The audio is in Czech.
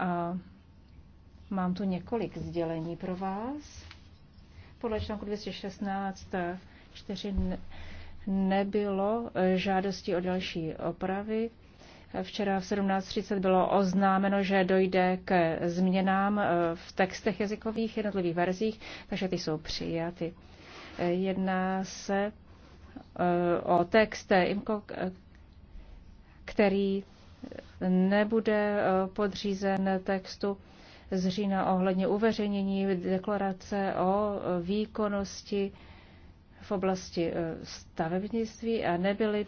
A mám tu několik sdělení pro vás. Podle článku 216 4 nebylo eh, žádosti o další opravy. Včera v 17.30 bylo oznámeno, že dojde k změnám eh, v textech jazykových jednotlivých verzích, takže ty jsou přijaty. Eh, jedná se o text který nebude eh, podřízen textu z října ohledně uveřejnění deklarace o eh, výkonnosti v oblasti eh, stavebnictví a nebyly